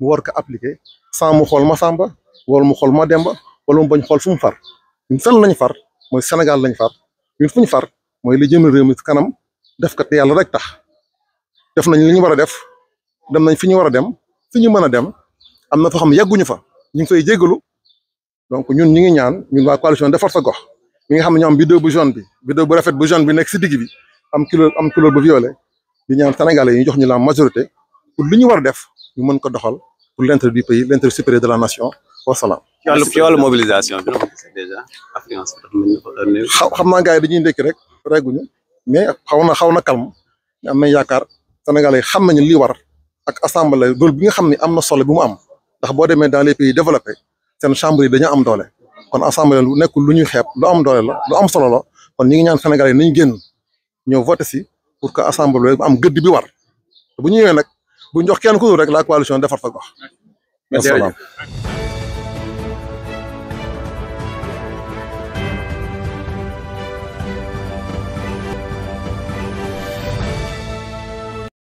mu war ko appliquer sans mu xol ma sàmba wala mu xol ma demba wala mu bañ xol fum far ñu fenn lañ far moy senegal lañ far ñu fuñ far moy li jëm réew mi kanam def ko te yalla rek tax def nañ li ñu wara def dem nañ fi ñu wara dem fi ñu mëna dem am na xam ne fa ñu fay jéggelu donc ñun ñi ngi ñaan ñun wa coalition defar sa gox mi nga xam ñom bi deux bu jaune bi deux bu rafet bu jaune bi nek ci digg bi am kilo am kilo bu violet di ñaan sénégalais yi ñu jox ñu la majorité pour li ñu wara def ñu mën ko doxal pour l'intérêt du pays, l'intérêt supérieur de la nation. Wassalam. ci wàllu ci wàllu mobilisation bi nga gisee déjà na xaw na calme am nañ yaakaar Sénégal yi xam nañu li war ak assemblée rôle bi nga xam ne am na solo bi mu am ndax boo demee dans les pays développés seen chambre yi dañu am doole kon assemblée lu nekkul lu ñuy xeeb lu am doole la lu am solo la kon ñi ngi ñaan sénégalais ñu gën génn voter ci pour que assemblée bi am gëdd bi war bu ñu ñëwee bu ñu jox kenn ku rek la coalition defar sa gox. asalaam